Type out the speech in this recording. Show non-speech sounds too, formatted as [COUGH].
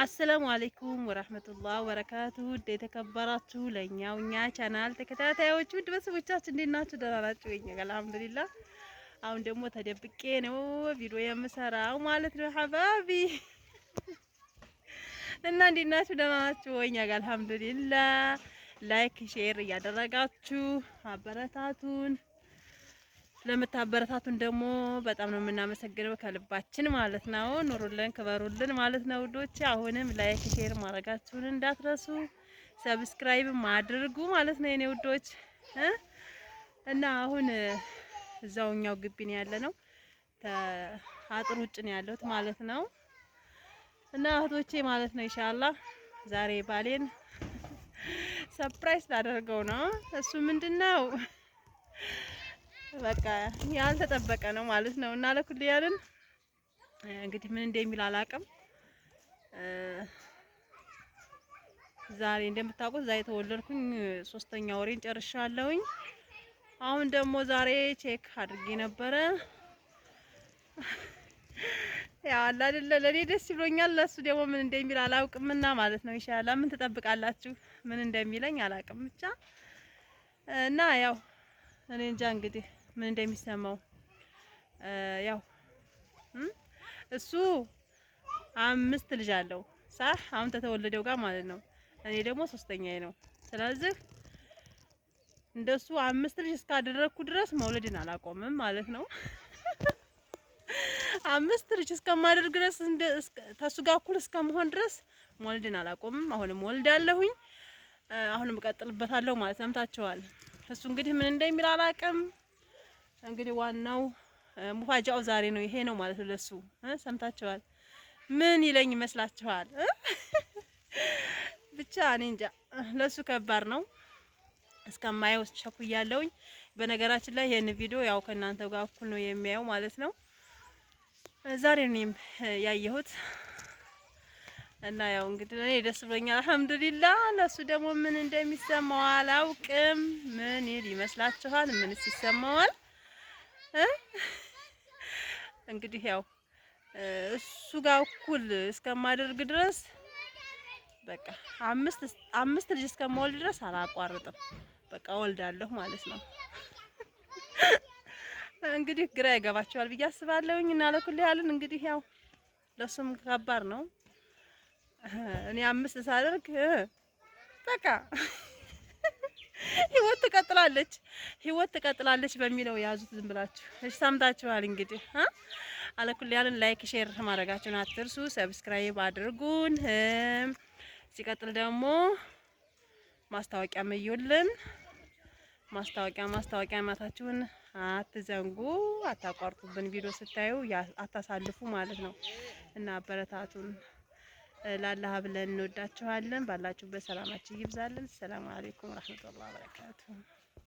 አሰላሙ አሌይኩም ወረህመቱላህ ወበረካቱሁ ውድ የተከበራችሁ ለእኛው እኛ ቻናል ተከታታዮች ውድ ቤተሰቦቻችን እንዴት ናችሁ? ደህና ናችሁ? የእኛ ጋር አልሐምዱሊላህ። አሁን ደግሞ ተደብቄ ነው ቪዲዮ የምሰራው ማለት ነው። ሀባቢ እና እንዴት ናችሁ? ደህና ናችሁ? የእኛ ጋር አልሐምዱሊላህ። ላይክ ሼር እያደረጋችሁ አበረታቱን ለምታበረታቱን ደግሞ በጣም ነው የምናመሰግነው ከልባችን ማለት ነው። ኑሩልን፣ ክበሩልን ማለት ነው ውዶች። አሁንም ላይክ፣ ሼር ማድረጋችሁን እንዳትረሱ፣ ሰብስክራይብ ማድርጉ ማለት ነው የኔ ውዶች እና አሁን እዛውኛው ግቢ ነው ያለ ነው አጥር ውጭ ነው ያለሁት ማለት ነው። እና እህቶቼ ማለት ነው ኢንሻአላህ ዛሬ ባሌን [LAUGHS] ሰርፕራይዝ ላደርገው ነው። እሱ ነው? በቃ ያልተጠበቀ ነው ማለት ነው እና ያለን እንግዲህ ምን እንደሚል አላቅም። ዛሬ እንደምታውቁት ዛሬ የተወለድኩኝ ሶስተኛ ወሬን ጨርሻለሁኝ። አሁን ደግሞ ዛሬ ቼክ አድርጌ ነበረ። ያው አላ አይደለ ለኔ ደስ ብሎኛል፣ ለሱ ደግሞ ምን እንደሚል አላውቅምና ማለት ነው። ኢንሻአላ ምን ትጠብቃላችሁ? ምን እንደሚለኝ አላውቅም ብቻ እና ያው እኔ እንጃ እንግዲህ ምን እንደሚሰማው ያው እሱ አምስት ልጅ አለው ሳ አሁን ተተወለደው ጋር ማለት ነው። እኔ ደግሞ ሶስተኛዬ ነው። ስለዚህ እንደሱ አምስት ልጅ እስካደረግኩ ድረስ መውለድን አላቆምም ማለት ነው። [LAUGHS] አምስት ልጅ እስከማደርግ ድረስ ተሱ ጋር እኩል እስከመሆን ድረስ መውለድን አላቆምም። አሁንም ወልዳለሁኝ፣ አሁንም እቀጥልበታለሁ ማለት ሰምታችኋል። እሱ እንግዲህ ምን እንደሚል አላቅም። እንግዲህ ዋናው ሙፋጃው ዛሬ ነው። ይሄ ነው ማለት ነው። ለሱ ሰምታችኋል። ምን ይለኝ ይመስላችኋል? ብቻ እኔ እንጃ። ለሱ ከባድ ነው። እስከማየው ቸኩያለሁኝ። በነገራችን ላይ ይሄን ቪዲዮ ያው ከእናንተ ጋር እኩል ነው የሚያየው ማለት ነው። ዛሬ እኔም ያየሁት እና ያው እንግዲህ እኔ ደስ ብሎኛል። አልሐምዱሊላህ። ለሱ ደግሞ ምን እንደሚሰማው አላውቅም። ምን ይል ይመስላችኋል? ምንስ ይሰማዋል? እንግዲህ ያው እሱ ጋር እኩል እስከማደርግ ድረስ በቃ አምስት አምስት ልጅ እስከማወልድ ድረስ አላቋርጥም። በቃ ወልዳለሁ ማለት ነው። [LAUGHS] እንግዲህ ግራ ይገባቸዋል ብዬ አስባለሁኝ እና ለኩል ያልን እንግዲህ ያው ለሱም ከባድ ነው። እኔ አምስት ሳደርግ በቃ ትቀጥላለች፣ ህይወት ትቀጥላለች በሚለው ያዙት። ዝም ብላችሁ። እሺ ሰምታችኋል እንግዲህ አለኩል ያለን ላይክ ሼር ማድረጋችሁን አትርሱ፣ ሰብስክራይብ አድርጉን። ሲቀጥል ደግሞ ማስታወቂያ መዩልን ማስታወቂያ ማስታወቂያ ማታችሁን አትዘንጉ፣ አታቋርጡብን። ቪዲዮ ስታዩ አታሳልፉ ማለት ነው እና አበረታቱን። ላላህ ብለን እንወዳችኋለን። ባላችሁበት ሰላማችሁ ይብዛልን። ሰላም አለይኩም ወራህመቱላሂ ወበረካቱሁ።